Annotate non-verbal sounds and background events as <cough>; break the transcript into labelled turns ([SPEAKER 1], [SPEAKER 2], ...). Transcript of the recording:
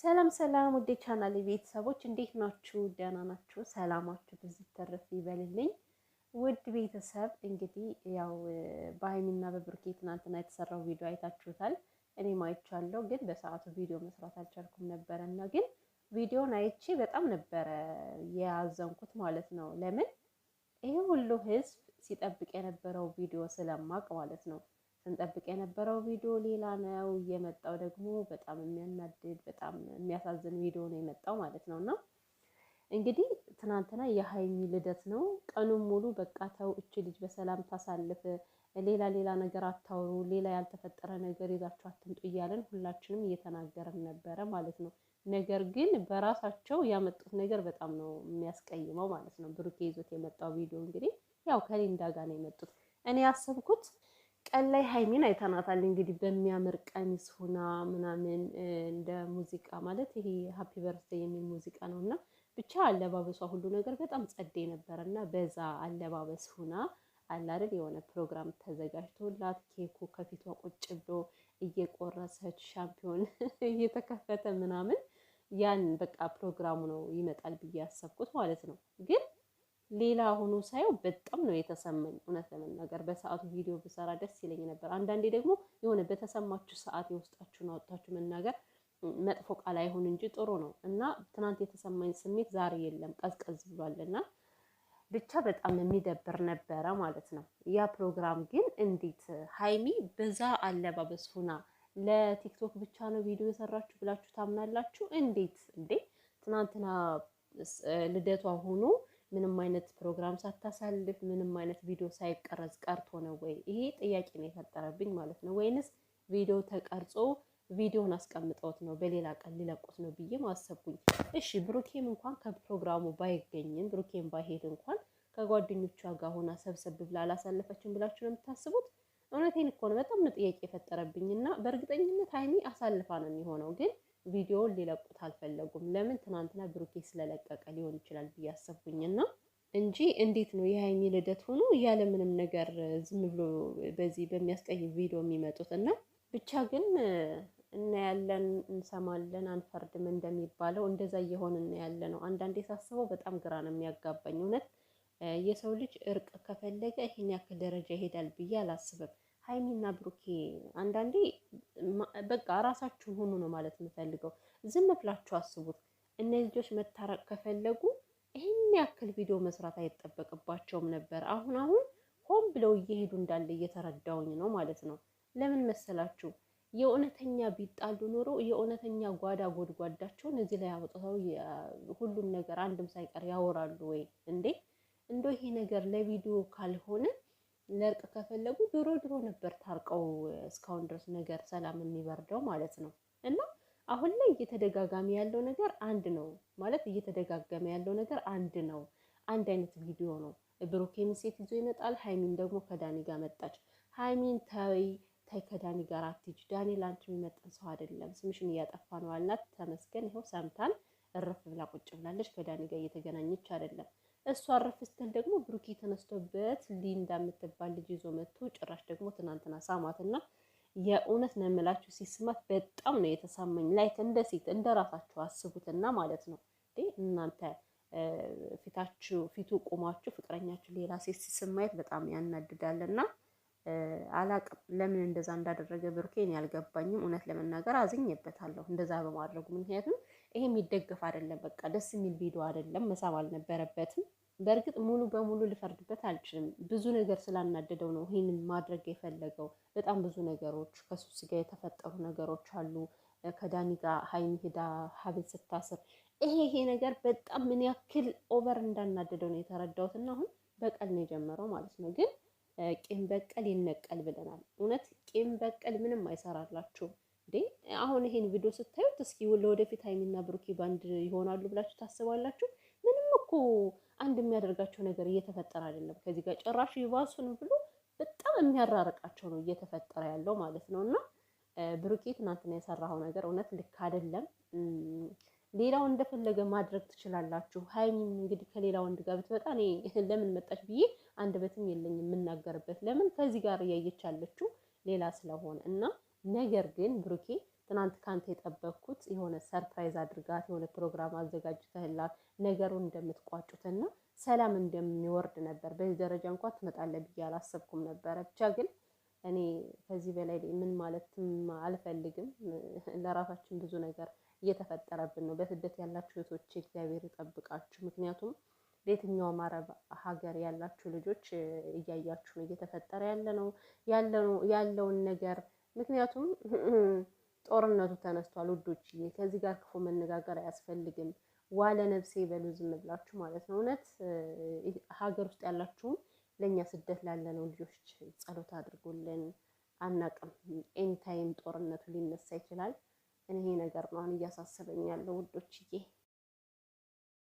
[SPEAKER 1] ሰላም ሰላም ውዴ ቻናል ቤተሰቦች እንዴት ናችሁ? ደህና ናችሁ? ሰላማችሁ ብዙ ተረፍ ይበልልኝ። ውድ ቤተሰብ እንግዲህ ያው በሀይሚና በብሩኬ ትናንትና የተሰራው ቪዲዮ አይታችሁታል። እኔም አይቻለሁ፣ ግን በሰዓቱ ቪዲዮ መስራት አልቻልኩም ነበረ እና ግን ቪዲዮን አይቼ በጣም ነበረ የያዘንኩት ማለት ነው። ለምን ይህ ሁሉ ህዝብ ሲጠብቅ የነበረው ቪዲዮ ስለማቅ ማለት ነው ስንጠብቅ የነበረው ቪዲዮ ሌላ ነው። እየመጣው ደግሞ በጣም የሚያናድድ በጣም የሚያሳዝን ቪዲዮ ነው የመጣው ማለት ነው። እና እንግዲህ ትናንትና የሀይሚ ልደት ነው። ቀኑን ሙሉ በቃ ተው እች ልጅ በሰላም ታሳልፍ፣ ሌላ ሌላ ነገር አታውሩ፣ ሌላ ያልተፈጠረ ነገር ይዛችሁ አትምጡ እያለን ሁላችንም እየተናገረን ነበረ ማለት ነው። ነገር ግን በራሳቸው ያመጡት ነገር በጣም ነው የሚያስቀይመው ማለት ነው። ብሩኬ ይዞት የመጣው ቪዲዮ እንግዲህ ያው ከሊንዳ ጋር ነው የመጡት እኔ ያሰብኩት ቀን ላይ ሀይሚን አይተናታል። እንግዲህ በሚያምር ቀሚስ ሁና ምናምን እንደ ሙዚቃ ማለት ይሄ ሀፒ በርዝዴይ የሚል ሙዚቃ ነው እና ብቻ አለባበሷ ሁሉ ነገር በጣም ጸዴ ነበረ እና በዛ አለባበስ ሁና አላደል የሆነ ፕሮግራም ተዘጋጅቶላት ኬኩ ከፊቷ ቁጭ ብሎ እየቆረሰች ሻምፒዮን <laughs> እየተከፈተ ምናምን ያን በቃ ፕሮግራሙ ነው ይመጣል ብዬ ያሰብኩት ማለት ነው ግን ሌላ ሆኖ ሳየው በጣም ነው የተሰማኝ። እውነት ለመናገር በሰዓቱ ቪዲዮ ብሰራ ደስ ይለኝ ነበር። አንዳንዴ ደግሞ የሆነ በተሰማችሁ ሰዓት የውስጣችሁን አውጥታችሁ መናገር መጥፎ ቃል አይሆን እንጂ ጥሩ ነው እና ትናንት የተሰማኝ ስሜት ዛሬ የለም፣ ቀዝቀዝ ብሏልና ብቻ በጣም የሚደብር ነበረ ማለት ነው። ያ ፕሮግራም ግን እንዴት ሀይሚ በዛ አለባበስ ሁና ለቲክቶክ ብቻ ነው ቪዲዮ የሰራችሁ ብላችሁ ታምናላችሁ? እንዴት እንዴ! ትናንትና ልደቷ ሆኖ ምንም አይነት ፕሮግራም ሳታሳልፍ ምንም አይነት ቪዲዮ ሳይቀረጽ ቀርቶ ነው ወይ? ይሄ ጥያቄ ነው የፈጠረብኝ ማለት ነው። ወይንስ ቪዲዮ ተቀርጾ ቪዲዮን አስቀምጠውት ነው በሌላ ቀን ሊለቁት ነው ብዬ ማሰብኩኝ። እሺ ብሩኬም እንኳን ከፕሮግራሙ ባይገኝም ብሩኬም ባይሄድ እንኳን ከጓደኞቿ ጋር ሆና ሰብሰብ ብላ አላሳለፈችም ብላችሁ ነው የምታስቡት? እውነቴን እኮ ነው። በጣም ነው ጥያቄ የፈጠረብኝ እና በእርግጠኝነት ሀይሚ አሳልፋ ነው የሚሆነው ግን ቪዲዮውን ሊለቁት አልፈለጉም። ለምን ትናንትና ብሩኬ ስለለቀቀ ሊሆን ይችላል ብዬ አሰብኩኝና እንጂ እንዴት ነው የሀይሚ ልደት ሆኖ ያለ ምንም ነገር ዝም ብሎ በዚህ በሚያስቀይም ቪዲዮ የሚመጡት እና ብቻ ግን እናያለን፣ እንሰማለን፣ አንፈርድም እንደሚባለው እንደዛ እየሆን እናያለ ነው። አንዳንዴ ሳስበው በጣም ግራ ነው የሚያጋባኝ። እውነት የሰው ልጅ እርቅ ከፈለገ ይህን ያክል ደረጃ ይሄዳል ብዬ አላስብም። ሀይሚና ብሩኬ አንዳንዴ በቃ ራሳችሁን ሁኑ ነው ማለት የምፈልገው። ዝም ብላችሁ አስቡት። እነዚህ ልጆች መታረቅ ከፈለጉ ይህን ያክል ቪዲዮ መስራት አይጠበቅባቸውም ነበር። አሁን አሁን ሆን ብለው እየሄዱ እንዳለ እየተረዳውኝ ነው ማለት ነው። ለምን መሰላችሁ? የእውነተኛ ቢጣሉ ኖሮ የእውነተኛ ጓዳ ጎድጓዳቸውን እዚህ ላይ አውጥተው ሁሉም ነገር አንድም ሳይቀር ያወራሉ ወይ እንዴ? እንደው ይሄ ነገር ለቪዲዮ ካልሆነ ለእርቅ ከፈለጉ ድሮ ድሮ ነበር ታርቀው እስካሁን ድረስ ነገር ሰላም የሚበርደው ማለት ነው። እና አሁን ላይ እየተደጋጋሚ ያለው ነገር አንድ ነው ማለት እየተደጋገመ ያለው ነገር አንድ ነው። አንድ አይነት ቪዲዮ ነው። ብሩኬም ሴት ይዞ ይመጣል። ሀይሚን ደግሞ ከዳኒ ጋር መጣች። ሀይሚን ተይ ተይ፣ ከዳኒ ጋር አትሂጂ፣ ዳኒ ለአንቺ የሚመጥን ሰው አይደለም፣ ስምሽን እያጠፋ ነው አልናት። ተመስገን ይኸው ሰምታን እረፍ ብላ ቁጭ ብላለች። ከዳኒ ጋር እየተገናኘች አይደለም እሷ አረፍ ስትል ደግሞ ብሩኪ ተነስቶበት ሊንዳ የምትባል ልጅ ይዞ መጥቶ ጭራሽ ደግሞ ትናንትና ሳማትና የእውነት ነው የምላችሁ ሲስማት በጣም ነው የተሳመኝ። ላይክ እንደ ሴት እንደ ራሳችሁ አስቡትና ማለት ነው እናንተ ፊታችሁ ፊቱ ቆማችሁ ፍቅረኛችሁ ሌላ ሴት ሲስማየት በጣም ያናድዳልና አላቅም ለምን እንደዛ እንዳደረገ ብሩኬን ያልገባኝም። እውነት ለመናገር አዝኜበታለሁ እንደዛ በማድረጉ ምክንያቱም ይሄ የሚደገፍ አይደለም፣ በቃ ደስ የሚል ቪዲዮ አይደለም፣ መሳብ አልነበረበትም። በእርግጥ ሙሉ በሙሉ ልፈርድበት አልችልም። ብዙ ነገር ስላናደደው ነው ይህንን ማድረግ የፈለገው። በጣም ብዙ ነገሮች ከሱስ ጋር የተፈጠሩ ነገሮች አሉ። ከዳኒ ጋር ሀይሚ ሄዳ ሀብል ስታስር ይሄ ይሄ ነገር በጣም ምን ያክል ኦቨር እንዳናደደው ነው የተረዳሁት። እና አሁን በቀል ነው የጀመረው ማለት ነው ግን ቂም በቀል ይነቀል ብለናል። እውነት ቂም በቀል ምንም አይሰራላችሁም እንዴ! አሁን ይሄን ቪዲዮ ስታዩት እስኪ ለወደፊት ሀይሚና ብሩኬ ባንድ ይሆናሉ ብላችሁ ታስባላችሁ? ምንም እኮ አንድ የሚያደርጋቸው ነገር እየተፈጠረ አይደለም። ከዚህ ጋር ጭራሽ ይባሱን ብሎ በጣም የሚያራርቃቸው ነው እየተፈጠረ ያለው ማለት ነው። እና ብሩኬ ትናንትና የሰራኸው ነገር እውነት ልክ አይደለም። ሌላው እንደፈለገ ማድረግ ትችላላችሁ። ሀይሚም እንግዲህ ከሌላ ወንድ ጋር ብትመጣ እኔ ለምን መጣች ብዬ አንድ በትም የለኝ የምናገርበት። ለምን ከዚህ ጋር እያየች ያለችው ሌላ ስለሆነ እና ነገር ግን ብሩኬ ትናንት ካንተ የጠበኩት የሆነ ሰርፕራይዝ አድርጋት የሆነ ፕሮግራም አዘጋጅተህላት ነገሩን እንደምትቋጩትና ሰላም እንደሚወርድ ነበር። በዚህ ደረጃ እንኳን ትመጣለ ብዬ አላሰብኩም ነበረ። ብቻ ግን እኔ ከዚህ በላይ ምን ማለት አልፈልግም። ለራሳችን ብዙ ነገር እየተፈጠረብን ነው። በስደት ያላችሁ እህቶች እግዚአብሔር ይጠብቃችሁ። ምክንያቱም በየትኛውም አረብ ሀገር ያላችሁ ልጆች እያያችሁ ነው እየተፈጠረ ያለ ነው ያለውን ነገር ምክንያቱም ጦርነቱ ተነስቷል ውዶችዬ። ከዚህ ጋር ክፉ መነጋገር አያስፈልግም። ዋለ ነብሴ በሉ ዝም ብላችሁ ማለት ነው። እውነት ሀገር ውስጥ ያላችሁም ለእኛ ስደት ላለነው ልጆች ጸሎት አድርጉልን። አናቅም ኤኒታይም ጦርነቱ ሊነሳ ይችላል። እኔ ነገር ነው አሁን እያሳሰበኝ ያለው ውዶችዬ።